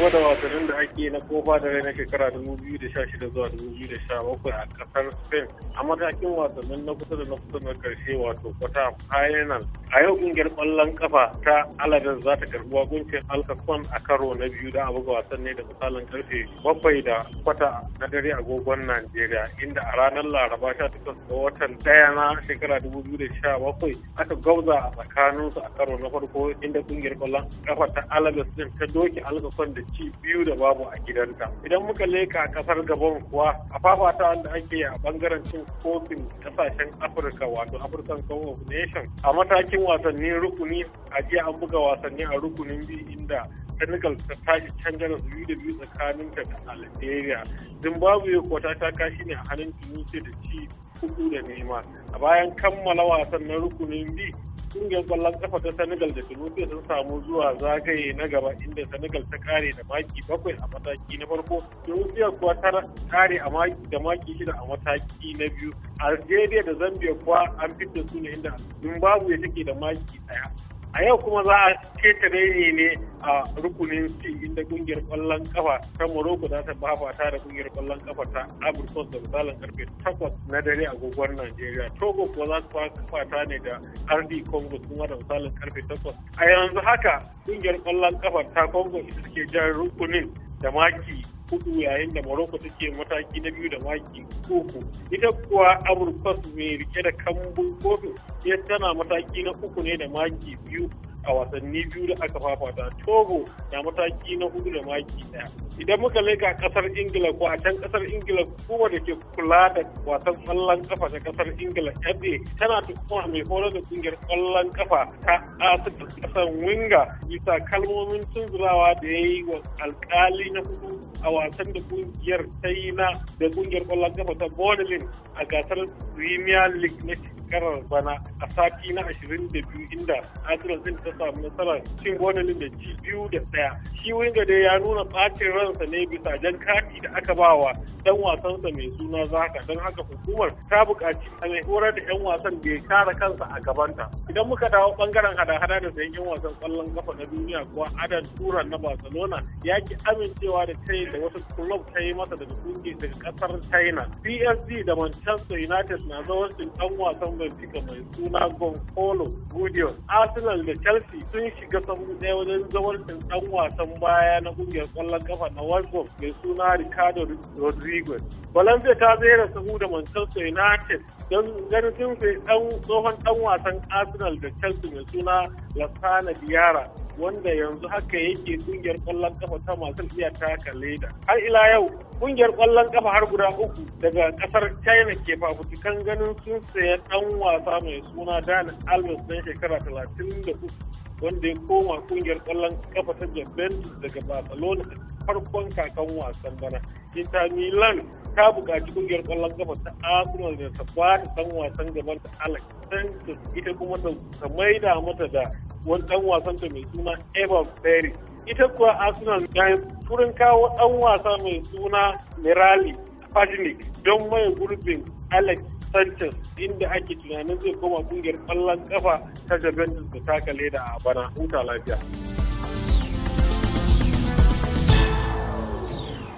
game da wasannin da ake na kofa da rai na shekara 2016 zuwa 2017 a kasar spain a matakin wasannin na kusa da na kusa na karshe wato kwata final a yau kungiyar kwallon kafa ta aladar za ta karbi waguncin alkakon a karo na biyu da abuga wasan ne da misalin karfe bakwai da kwata na dare agogon najeriya inda a ranar laraba 18 ga watan daya na shekara 2017 aka gauza a tsakaninsu a karo na farko inda kungiyar kwallon kafa ta alabes ta doke alkakon da ci biyu da babu a gidanta idan muka leka kasar gabon kuwa a fafata wanda ake a bangaren cin kofin kasashen afirka wato african cup of nation a matakin wasannin rukuni a jiya an buga wasanni a rukunin biyu inda senegal ta tashi can biyu da biyu tsakanin ta da algeria zimbabwe ko ta ta kashi ne a hannun tunisia da ci hudu da nema a bayan kammala wasan na rukunin biyu kungiyar kwallon kafa ta senegal da tunisia sun samu zuwa zagaye na gaba inda senegal ta kare da maki bakwai a mataki na farko tunisia kuwa ta kare a maki da maki shida a mataki na biyu algeria da zambia kuwa an fitar su ne inda zimbabwe take da maki daya a yau kuma za a ketare ne ne a rukunin c inda kungiyar kwallon kafa ta morocco za ta bafata da kungiyar kwallon kafa ta abrikos da misalin karfe 8 na dare a gogon najeriya togo kuwa za su bafata ne da rd congo kuma da misalin karfe 8 a yanzu haka kungiyar kwallon kafa ta congo ita jan rukunin da maki hudu yayin da Morocco take mataki na biyu da maki uku. Ita kuwa Amurka mai rike da kambun kofin ya tana mataki na uku ne da maki biyu a wasanni biyu da aka fafata togo na mataki na hudu da maki daya idan muka leka kasar ingila ko a can kasar ingila kuma da ke kula da wasan kwallon kafa da kasar ingila fa tana tukuma mai horar da kungiyar kwallon kafa ta asibiti kasar winga bisa kalmomin tunzurawa da ya yi wa alkali na hudu a wasan da kungiyar ta yi na da kungiyar kwallon kafa ta bodolin a gasar premier league na shekarar bana a sati na 22 inda arsenal din ta ta samu nasarar cin gonanin da biyu da ɗaya shi winga dai ya nuna ɓacin ransa ne bisa jan kati da aka bawa 'yan wasansa mai suna zaka don haka hukumar ta buƙaci a mai horar da 'yan wasan da ya kare kansa a gabanta idan muka dawo bangaren hada-hada da sayan 'yan wasan kwallon kafa na duniya kuwa adan turan na barcelona ya ki amincewa da ta da wasu club ta yi masa daga kungi daga ƙasar china psg da manchester united na zawancin ɗan wasan benfica mai suna gonzalo gudion arsenal da chelsea sun shiga sabu ɗaya wajen zawancin ɗan wasan baya na kungiyar kwallon kafa na wasbom mai suna ricardo rodriguez Rodriguez. Valencia ta zera sahu da Manchester United don ganin sun sai tsohon dan wasan Arsenal da Chelsea mai suna Lassana diara wanda yanzu haka yake kungiyar kwallon kafa ta masu iya taka leda. Har ila yau kungiyar kwallon kafa har guda uku daga kasar China ke fafutukan ganin sun saya dan wasa mai suna Dan Alves na shekara 33 wanda ya koma kungiyar kwallon kafa ta Juventus daga Barcelona farkon kakan wasan bana. Inter Milan ta bukaci kungiyar kwallon kafa ta Arsenal da ta ba dan wasan gaban ta Alex Sanchez ita kuma ta maida mata da wani dan wasan ta mai suna Evan ferry Ita kuwa Arsenal ta yi turin kawo dan wasa mai suna Mirali Pajnik don maye gurbin Alex santos inda ake tunanin zai koma kungiyar kwallon kafa ta juventus da taka leda a bana huta lafiya